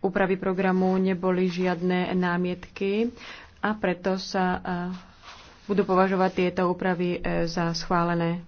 úpravy programu neboli žiadne námietky a preto sa eh, budú považovať tieto úpravy eh, za schválené.